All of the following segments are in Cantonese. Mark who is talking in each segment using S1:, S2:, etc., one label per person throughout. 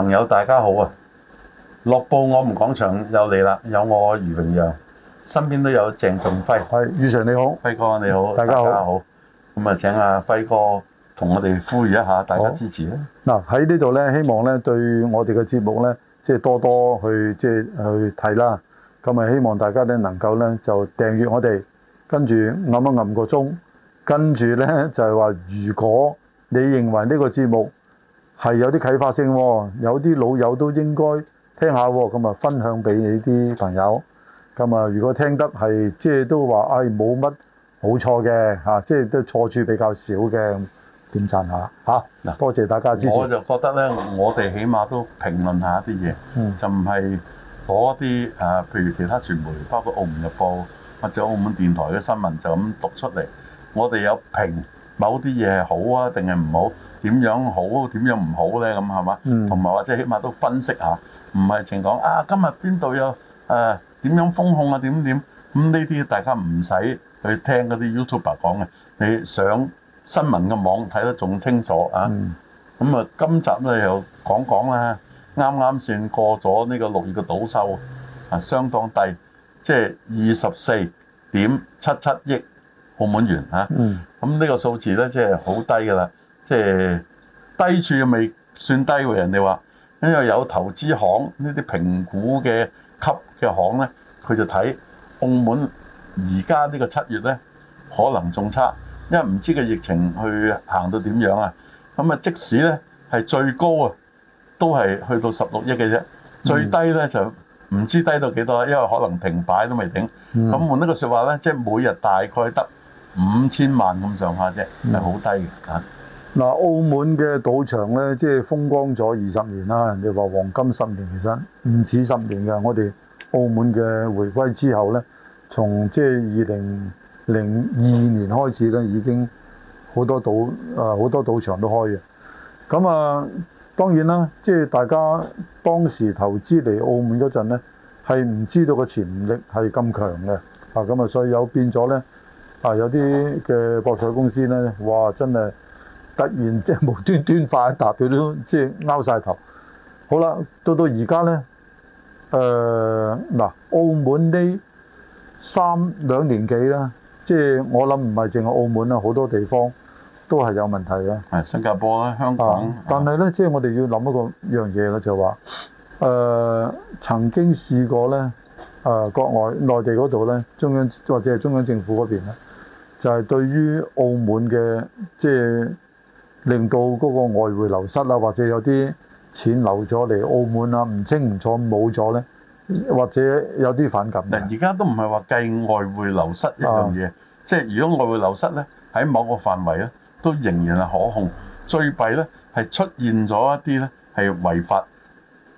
S1: 朋友大家好啊！樂報我哋講場有你啦，有我余榮讓，身邊都有鄭仲輝。係，余 Sir 你好，輝哥你好，大家好。咁啊，請阿輝哥同我哋呼籲一下，大
S2: 家支持啦。嗱，喺呢度咧，希望咧對我哋嘅節目咧，即係多多去即係去睇啦。咁啊，希望大家咧能夠咧就訂閱我哋，跟住按一按個鐘，跟住咧就係話，如果你認為呢個節目，係有啲啟發性喎、哦，有啲老友都應該聽下喎、哦，咁啊分享俾你啲朋友，咁啊如果聽得係即係都話，唉冇乜好錯嘅、啊、即係都錯處比較少嘅，點讚下嚇嗱、啊，多謝大家支持。我
S1: 就覺得咧，我哋起碼都評論下一啲嘢，嗯、就唔係攞一啲誒，譬如其他傳媒，包括澳門日報或者澳門電台嘅新聞就咁讀出嚟，我哋有評某啲嘢係好啊定係唔好。點樣好？點樣唔好咧？咁係嘛？同埋或者起碼都分析下，唔係淨講啊！今日邊度有誒點樣封控啊？點點咁呢啲，大家唔使去聽嗰啲 YouTuber 講嘅，你上新聞嘅網睇得仲清楚啊！咁啊，今集咧又講講啦，啱啱算過咗呢個六月嘅賭收啊，相當低，即係二十四點七七億澳門元啊！咁呢個數字咧，即係好低㗎啦～即係低處又未算低喎，人哋話，因為有投資行呢啲評估嘅級嘅行呢，佢就睇澳門而家呢個七月呢，可能仲差，因為唔知個疫情去行到點樣啊。咁啊，即使呢係最高啊，都係去到十六億嘅啫，嗯、最低呢就唔知道低到幾多，因為可能停擺都未頂。咁、嗯、換一個說話呢，即、就是、每日大概得五千萬咁上下啫，係好、嗯、低嘅。
S2: 嗱，澳門嘅賭場咧，即係風光咗二十年啦。人哋話黃金十年，其實唔止十年嘅。我哋澳門嘅回歸之後咧，從即係二零零二年開始咧，已經好多賭啊，呃，好多賭場都開嘅。咁啊，當然啦，即係大家當時投資嚟澳門嗰陣咧，係唔知道個潛力係咁強嘅。啊，咁啊，所以有變咗咧，啊，有啲嘅博彩公司咧，哇，真係～突然即係無端端發達，佢都即係拗晒頭。好啦，到到而家咧，誒、呃、嗱，澳門呢三兩年幾啦，即、就、係、是、我諗唔係淨係澳門啦，好多地方都係有問題嘅。
S1: 係新加坡啦、香
S2: 港，啊、但係咧，即、就、係、是、我哋要諗一個樣嘢啦，就話、是、誒、呃、曾經試過咧，誒、呃、國外、內地嗰度咧，中央或者係中央政府嗰邊咧，就係、是、對於澳門嘅即係。就是令到嗰個外匯流失啊，或者有啲錢流咗嚟澳門啊，唔清唔楚冇咗咧，或者有啲反感
S1: 嘅。而家都唔係話計外匯流失一樣嘢，即係如果外匯流失咧，喺某個範圍咧，都仍然係可控。最弊咧係出現咗一啲咧係違法，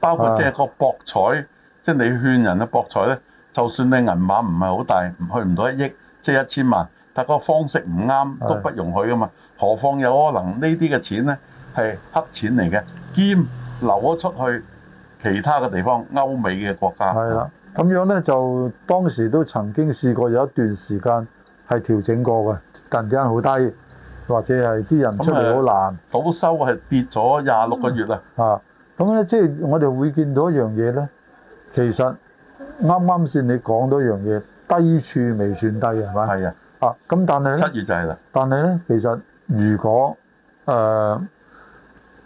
S1: 包括即係個博彩，即係你勸人嘅博彩咧，就算你銀碼唔係好大，唔去唔到一億，即係一千萬。但個方式唔啱，都不容許噶嘛。的何況有可能呢啲嘅錢呢係黑錢嚟嘅，兼流咗出去其他嘅地方，歐美嘅
S2: 國家。係啦，咁樣呢，就當時都曾經試過有一段時間係調整過嘅，突然間好低，的或者係啲人出嚟好
S1: 難。賭收係跌咗廿六個月啦。
S2: 咁呢、嗯，即係我哋會見到一樣嘢呢，其實啱啱先你講到一樣嘢，低處未算低係咪？係啊。咁、啊、但係咧，七月就係啦，但係咧，其實如果誒、呃、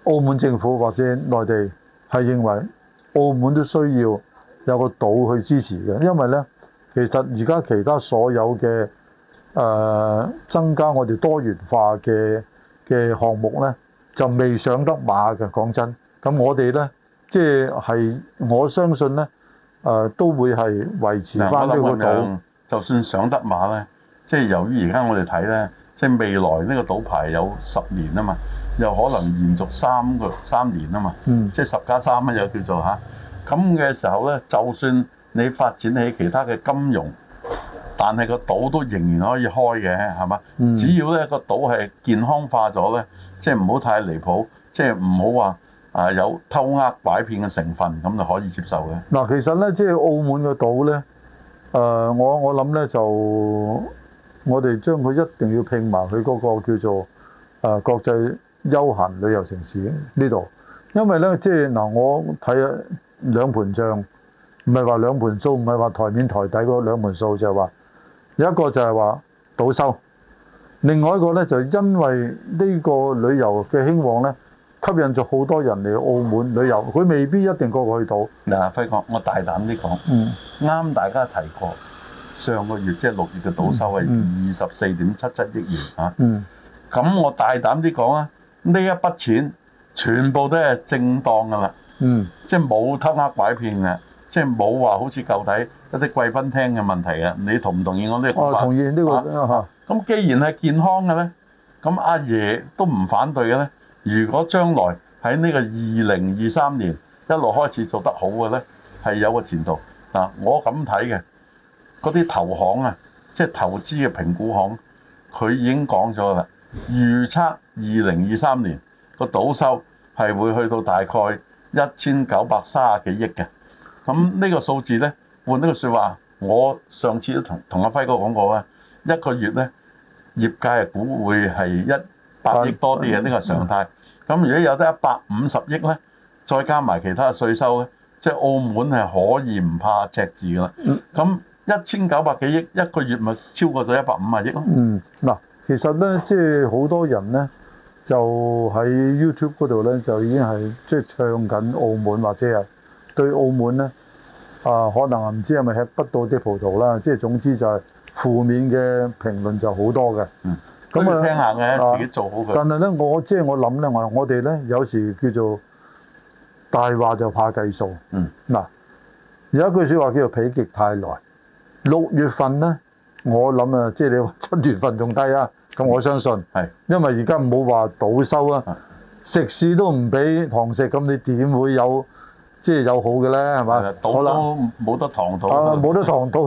S2: 澳門政府或者內地係認為澳門都需要有個島去支持嘅，因為咧，其實而家其他所有嘅誒、呃、增加我哋多元化嘅嘅項目咧，就未上得馬嘅。講真，咁我哋咧，即係係我相信咧，誒、呃、都會係維持翻呢個島。
S1: 就算上得馬咧。即係由於而家我哋睇咧，即係未來呢個賭牌有十年啊嘛，又可能延續三個三年啊嘛，即係十加三啊嘛，又叫做嚇咁嘅時候咧，就算你發展起其他嘅金融，但係個賭都仍然可以開嘅，係嘛？只要咧個賭係健康化咗咧，即係唔好太離譜，即係唔好話啊有偷呃拐騙嘅成分咁就可以接受嘅。
S2: 嗱，其實咧，即係澳門嘅賭咧，誒我我諗咧就～我哋將佢一定要拼埋去嗰個叫做誒國際休閒旅遊城市呢度，因為呢，即係嗱，我睇兩盤帳，唔係話兩盤數，唔係話台面台底嗰兩盤數，就係、係、話有一個就係話賭收，另外一個呢，就係、因為呢個旅遊嘅興旺呢，吸引咗好多人嚟澳門旅遊，佢未必一定個個去到。
S1: 嗱、啊，輝哥，我大膽啲講，啱、嗯、大家提過。上個月即係六月嘅賭收係二十四點七七億元，嗯，咁、嗯啊、我大膽啲講啊，呢一筆錢全部都係正當㗎啦、嗯，即係冇偷呃拐騙㗎，即係冇話好似舊底一啲貴賓廳嘅問題啊！你同唔同意我呢、這個？我、哦啊、同意呢、這個咁、啊、既然係健康嘅咧，咁阿爺都唔反對嘅咧。如果將來喺呢個二零二三年一路開始做得好嘅咧，係有個前途啊！我咁睇嘅。嗰啲投行啊，即係投資嘅評估行，佢已經講咗啦。預測二零二三年個賭收係會去到大概一千九百三十幾億嘅。咁呢個數字咧，換呢個説話，我上次都同同阿輝哥講過啦。一個月咧，業界嘅估會係一百億多啲嘅，呢對個常態。咁如果有得一百五十億咧，再加埋其他嘅稅收咧，即係澳門係可以唔怕赤字噶啦。咁一千九百幾億一個月，咪超過咗一
S2: 百五十億咯。嗯，嗱，其實咧，即係好多人咧，就喺 YouTube 嗰度咧，就已經係即係唱緊澳門或者係對澳門咧，啊、呃，可能唔知係咪吃不到啲葡萄啦。即係總之就係負面嘅評論就好多嘅。嗯，咁我聽下嘅，啊、自己
S1: 做好佢。但
S2: 係咧，我即係我諗咧，我我哋咧有時叫做大話就怕計數。嗯，嗱，有一句説話叫做否極泰來。六月份咧，我諗啊，即係你話七月份仲低啊，咁我相信，係，係因為而家唔好話賭收啊，係食肆都唔俾堂食，咁你點會有即係有好嘅咧？係嘛，倒啦
S1: 冇得堂到冇能，啊、
S2: 得堂到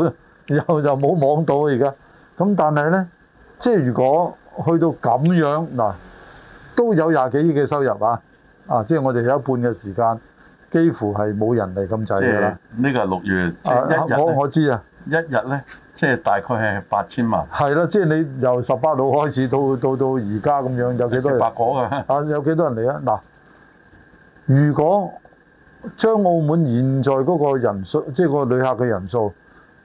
S2: 又又冇網到而，啊、家，咁但係咧，即係如果去到咁樣嗱，都有廿幾億嘅收入啊，啊，即係我哋有一半嘅時間，幾乎係冇人嚟咁滯噶啦，
S1: 呢個係六月，啊、我我知啊。一日咧，即係大概係八千萬。
S2: 係咯，即係你由十八路開始到到到而家咁樣，有幾多人食白果啊？啊，有幾多人嚟啊？嗱，如果將澳門現在嗰個人數，即係個旅客嘅人數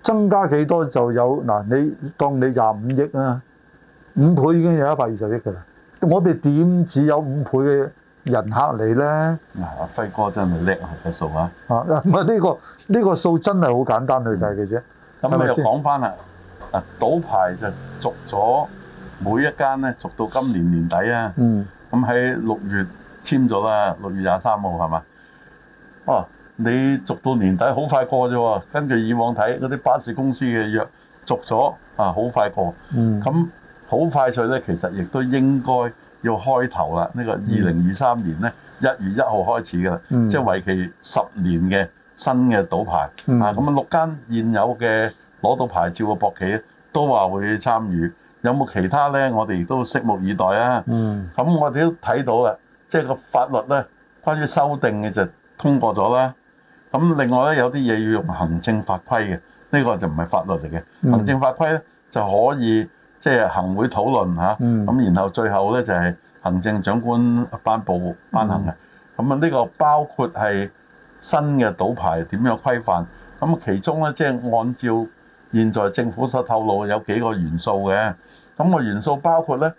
S2: 增加幾多就有嗱？你當你廿五億啊，五倍已經有一百二十億㗎啦。我哋點止有五倍嘅人客嚟咧？嗱、
S1: 啊，阿輝哥真係叻、嗰個、啊，計數啊！
S2: 啊，唔係呢個呢、呢個數真係好簡單去計嘅啫。嗯咁你又講
S1: 翻啦，啊賭牌就續咗每一間咧，續到今年年底啊。咁喺六月簽咗啦，六月廿三號係嘛？哦、啊，你續到年底好快過啫喎。根據以往睇嗰啲巴士公司嘅約續咗啊，好快過。咁好、嗯、快脆咧，其實亦都應該要開頭啦。這個、呢個二零二三年咧，一月一號開始噶啦，嗯、即係為期十年嘅。新嘅賭牌啊，咁啊、嗯、六間現有嘅攞到牌照嘅博企都話會參與，有冇其他呢？我哋都拭目以待啊！咁、嗯、我哋都睇到啦，即、就、係、是、個法律呢，關於修訂嘅就通過咗啦。咁另外呢，有啲嘢要用行政法規嘅，呢、這個就唔係法律嚟嘅。嗯、行政法規呢就可以即係、就是、行會討論吓，咁、嗯啊、然後最後呢，就係、是、行政長官頒布頒行嘅。咁啊、嗯，呢個包括係。新嘅賭牌點樣規範？咁其中咧，即係按照現在政府所透露有幾個元素嘅。咁個元素包括咧，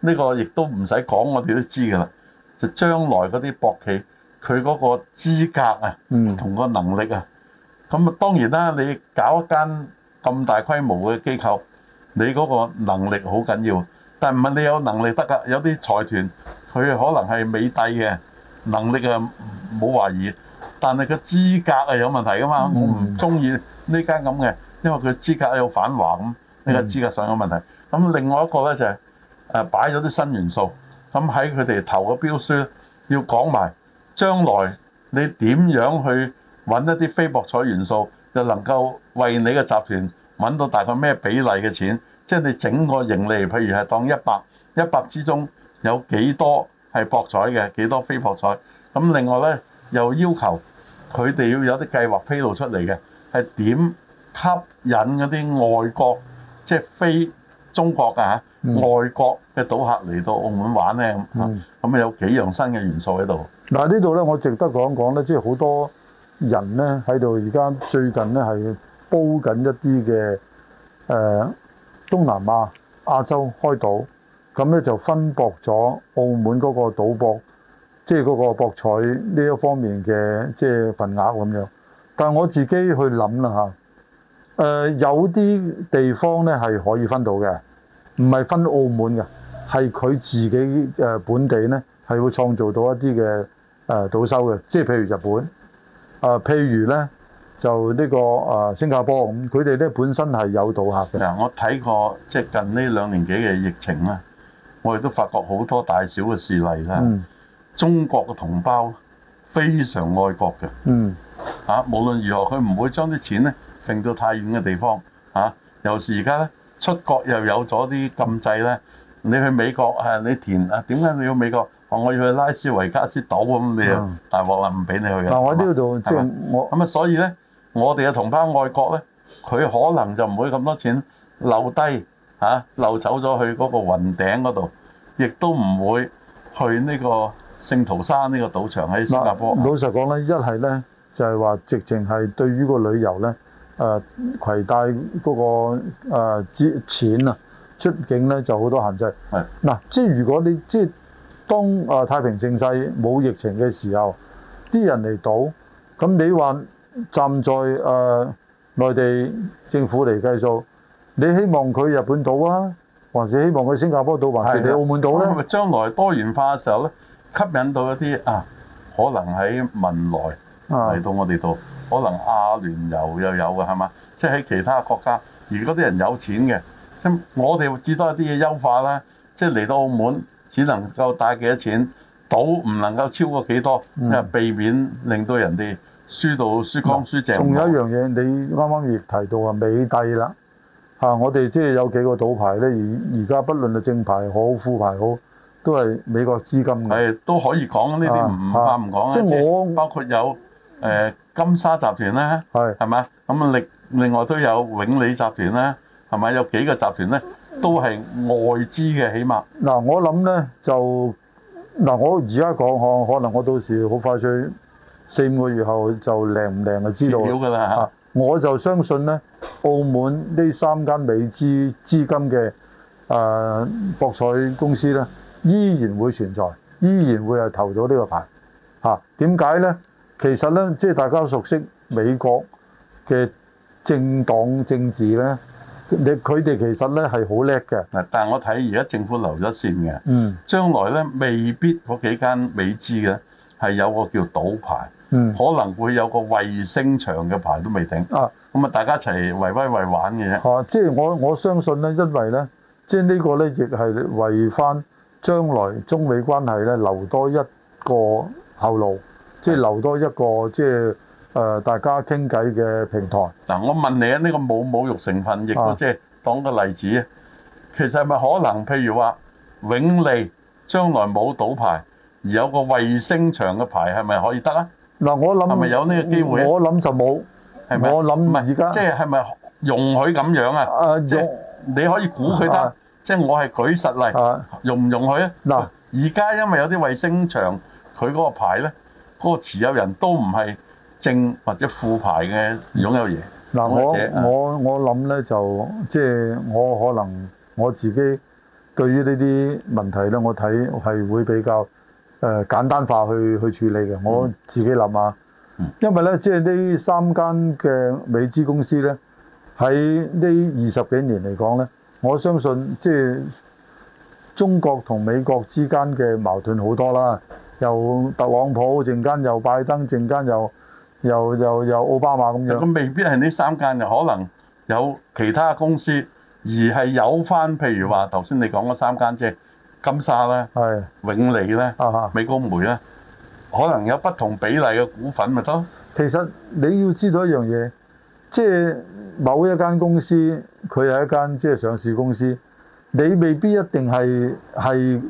S1: 呢個亦都唔使講，我哋都知㗎啦。就將來嗰啲博企佢嗰個資格啊，同個能力啊。咁啊，嗯，當然啦，你搞一間咁大規模嘅機構，你嗰個能力好緊要。但唔係你有能力得㗎，有啲財團佢可能係美帝嘅能力啊，冇懷疑。但係個資格係有問題噶嘛？嗯、我唔中意呢間咁嘅，因為佢資格係好反華咁，呢個資格上有問題。咁、嗯、另外一個咧就係、是、誒擺咗啲新元素。咁喺佢哋投嘅標書，要講埋將來你點樣去揾一啲非博彩元素，又能夠為你嘅集團揾到大概咩比例嘅錢？即、就、係、是、你整個盈利，譬如係當一百一百之中有幾多係博彩嘅，幾多非博彩？咁另外咧又要求。佢哋要有啲計劃披露出嚟嘅，係點吸引嗰啲外國，即係非中國啊，外國嘅賭客嚟到澳門玩咧？咁啊，咁啊有幾樣新嘅元素喺度。
S2: 嗱呢度咧，我值得講講咧，即係好多人咧喺度，而家最近咧係煲緊一啲嘅誒東南亞、亞洲開賭，咁咧就分薄咗澳門嗰個賭博。即係嗰個博彩呢一方面嘅即係份額咁樣，但係我自己去諗啦嚇，誒有啲地方咧係可以分到嘅，唔係分澳門嘅，係佢自己誒本地咧係會創造到一啲嘅誒賭收嘅，即係譬如日本，啊譬如咧就呢個誒新加坡咁，佢哋咧本身係有賭客嘅。嗱
S1: 我睇過即係近呢兩年幾嘅疫情咧，我哋都發覺好多大小嘅事例啦。嗯中國嘅同胞非常愛國嘅，嗯，嚇、啊，無論如何，佢唔會將啲錢咧揈到太遠嘅地方，嚇、啊。尤其是而家咧出國又有咗啲禁制咧，你去美國啊，你填啊，點解你要美國？話、啊、我要去拉斯維加斯賭咁，你大鑊啦，話唔俾你去。嗱，吧就我呢度即係我咁啊，所以咧，我哋嘅同胞愛國咧，佢可能就唔會咁多錢漏低嚇，漏、啊、走咗去嗰個雲頂嗰度，亦都唔會去呢、這個。聖淘沙呢個賭場喺新加坡。
S2: 老實講咧，一係咧就係話直情係對於個旅遊咧，誒，攜帶嗰個誒錢啊，出境咧就好多限制。嗱的，即係如果你即係當誒太平盛世冇疫情嘅時候，啲人嚟賭，咁你話站在誒、呃、內地政府嚟計數，你希望佢日本賭啊，還是希望佢新加坡賭，還是你澳門賭咧？係
S1: 咪將來多元化嘅時候咧？吸引到一啲啊，可能喺文萊嚟到我哋度，啊、可能阿聯酋又有嘅係嘛？即係喺其他國家，而嗰啲人有錢嘅，咁我哋至多一啲嘢優化啦。即係嚟到澳門，只能夠帶幾多錢，賭唔能夠超過幾多，嗯、避免令到人哋輸到輸光輸淨。仲
S2: 有一樣嘢，你啱啱亦提到啊，美帝啦嚇、啊，我哋即係有幾個賭牌咧，而而家不論係正牌好，副牌好。都係美國資金嘅，
S1: 係都可以講呢啲，唔怕唔講。即係我包括有誒金沙集團啦，係係咪，咁啊另另外都有永利集團啦，係咪有幾個集團咧？都係
S2: 外資嘅，起碼嗱，我諗咧就嗱，我而家講，可能我到時好快脆四五個月後就靚唔靚就知道㗎啦。我就相信咧，澳門呢三間美資資金嘅誒博彩公司咧。依然會存在，依然會係投咗呢個牌嚇。啊，點解呢？其實呢，即係大家熟悉美國嘅政黨政治呢，你佢哋其實呢係好叻嘅嗱。但係我睇而
S1: 家政府留咗線嘅，嗯，將來呢未必嗰幾間美資嘅係有個叫賭牌，嗯，可能會有個衞星場嘅牌都未定啊。咁啊，大家一齊為
S2: 威為玩嘅啫。即係我我相信呢，因為呢，即係呢個呢亦係為翻。將來中美關係咧留多一個後路，即係留多一個即係誒大家傾偈嘅平台。
S1: 嗱，我問你啊，呢個冇侮辱成分，亦都即係講個例子。其實係咪可能譬如話永利將來冇賭牌，而有個衞星場嘅牌係咪可以得啊？嗱，我諗係咪有呢個機會？我
S2: 諗就冇。
S1: 係咪？我諗而家即係係咪容許咁樣啊？誒，你可以估佢得。即係我係舉實例，容唔容許咧？嗱、啊，而家因為有啲衞星場，佢嗰個牌咧，嗰、嗰個持有人都唔係正或者副牌嘅擁有者。嗱，我我
S2: 我諗咧，就即係、就是、我可能我自己對於呢啲問題咧，我睇係會比較誒、呃、簡單化去去處理嘅。嗯、我自己諗下，嗯、因為咧，即係呢三間嘅美資公司咧，喺呢二十幾年嚟講咧。我相信即係中國同美國之間嘅矛盾好多啦，又特朗普陣間又拜登陣間又又又又奧巴馬咁樣。咁未
S1: 必係呢三間，就可能有其他公司，而係有翻譬如話頭先你講嗰三間，即係金沙咧、係永利咧、美高梅咧，可能有不同比例嘅股份咪得。
S2: 其實你要知道一樣嘢。即係某一間公司，佢係一間即係上市公司，你未必一定係係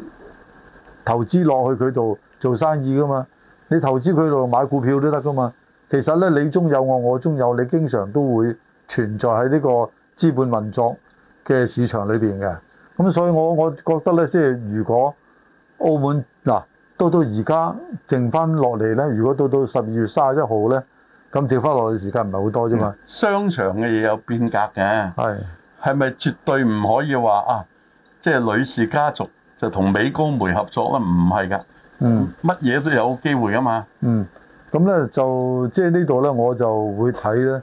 S2: 投資落去佢度做生意噶嘛。你投資佢度買股票都得噶嘛。其實咧，你中有我，我中有你，經常都會存在喺呢個資本運作嘅市場裏邊嘅。咁所以我我覺得咧，即係如果澳門嗱，到到而家剩翻落嚟咧，如果到到十二月三十一號咧。咁照翻落嚟時間唔係好多啫嘛。嗯，
S1: 商場嘅嘢有變革嘅，係咪是絕對唔可以話啊？即、就、係、是、女士家族就同美高梅合作啊，唔係㗎，嗯，乜嘢都有機會啊嘛，嗯，
S2: 咁咧就即係、就是、呢度咧，我就會睇咧，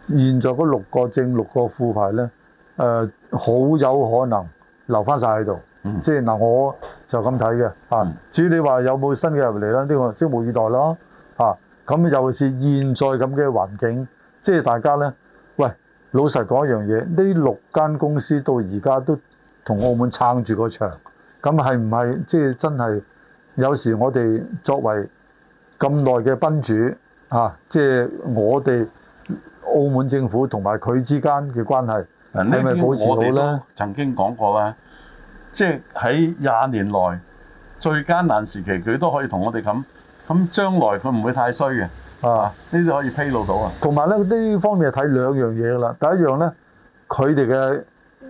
S2: 現在嗰六個正六個副牌咧，誒、呃、好有可能留翻晒喺度，即係嗱，就是、我就咁睇嘅嚇。啊嗯、至於你話有冇新嘅入嚟啦呢、呢個拭目以待咯，嚇、啊。咁尤其是現在咁嘅環境，即係大家呢，喂，老實講一樣嘢，呢六間公司到而家都同澳門撐住個場，咁係唔係即係真係有時，我哋作為咁耐嘅賓主，啊，即係我哋澳門政府同埋佢之間嘅關係，係咪保持好咧？我
S1: 曾經講過啦，即係喺廿年內最艱難時期，佢都可以同我哋咁。
S2: 咁將來佢唔會太衰嘅，啊，呢啲可以披露到啊。同埋咧，呢方面係睇兩樣嘢噶啦。第一樣咧，佢哋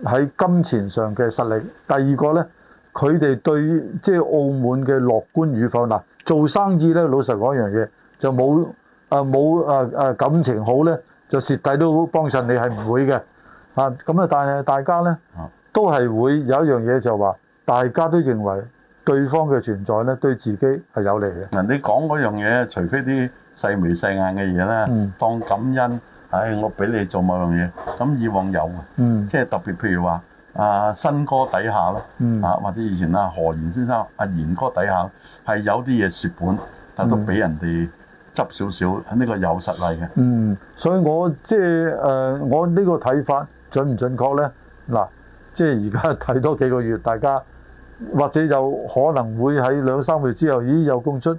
S2: 嘅喺金錢上嘅實力；第二個咧，佢哋對即係澳門嘅樂觀與否。嗱、呃，做生意咧，老實講一樣嘢，就冇啊冇啊啊感情好咧，就蝕底都幫襯你係唔會嘅。啊，咁啊，但係大家咧都係會有一樣嘢就話，大家都認為。對方嘅存在咧，對自己係有利
S1: 嘅。嗱，你講嗰樣嘢，除非啲細眉細眼嘅嘢啦，嗯、當感恩。唉，我俾你做某樣嘢，咁以往有嘅，嗯、即係特別譬如話啊，新哥底下咯，嗯、啊或者以前啊何賢先生、阿賢哥底下，係有啲嘢蝕
S2: 本，但都俾人哋執少少，呢、嗯、個有實例嘅。嗯，所以我即係誒、呃，我呢個睇法準唔準確咧？嗱，即係而家睇多幾個月，大家。或者有可能會喺兩三個月之後，咦？又供出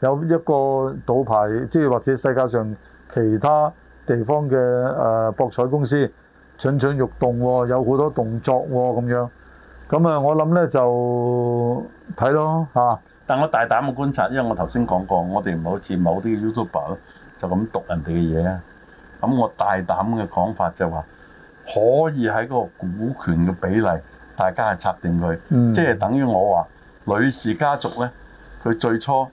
S2: 有一個賭牌，即係或者世界上其他地方嘅誒博彩公司蠢蠢欲動喎，有好多動作喎咁樣。咁啊，我諗咧就睇咯嚇。
S1: 但我大膽嘅觀察，因為我頭先講過，我哋唔好似某啲 YouTuber 就咁讀人哋嘅嘢。咁我大膽嘅講法就話，可以喺嗰個股權嘅比例。大家係拆掂佢，嗯、即係等於我話，女士家族咧，佢最初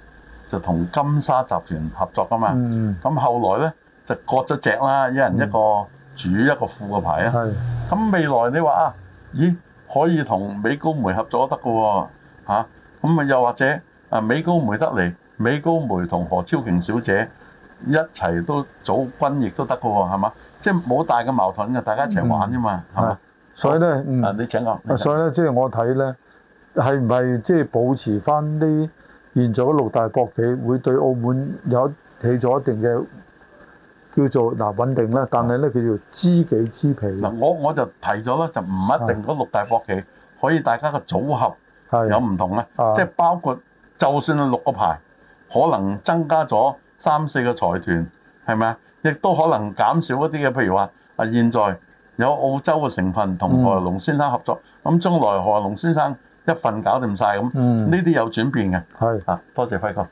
S1: 就同金沙集團合作噶嘛。咁、嗯嗯、後來咧就割咗隻啦，一人一個主、嗯、一個副嘅牌啊。咁、嗯、未來你話啊，咦可以同美高梅合作都得噶喎嚇？咁啊，啊又或者啊美高梅得嚟，美高梅同何超瓊小姐一齊都組軍役都得噶喎，係嘛？即係冇大嘅矛盾就大家一齊玩啫嘛，係嘛、嗯？所以咧，oh, 嗯，你請我，你請講。啊，所以咧，
S2: 即、就、係、是、我睇咧，係唔係即係保持翻啲現在嘅六大博企，會對澳門有起咗一定嘅叫做嗱穩定咧？但係咧，叫做知己知彼。嗱、
S1: 啊，我我就提咗啦，就唔一定嗰六大博企可以大家嘅組合有唔同咧，即係包括就算係六個牌，可能增加咗三四個財團，係咪啊？亦都可能減少一啲嘅，譬如話啊，現在。有澳洲嘅成分同何龍先生合作，咁、嗯、將來何龍先生一份搞掂曬咁，呢啲、嗯、有轉變嘅，的多謝輝哥。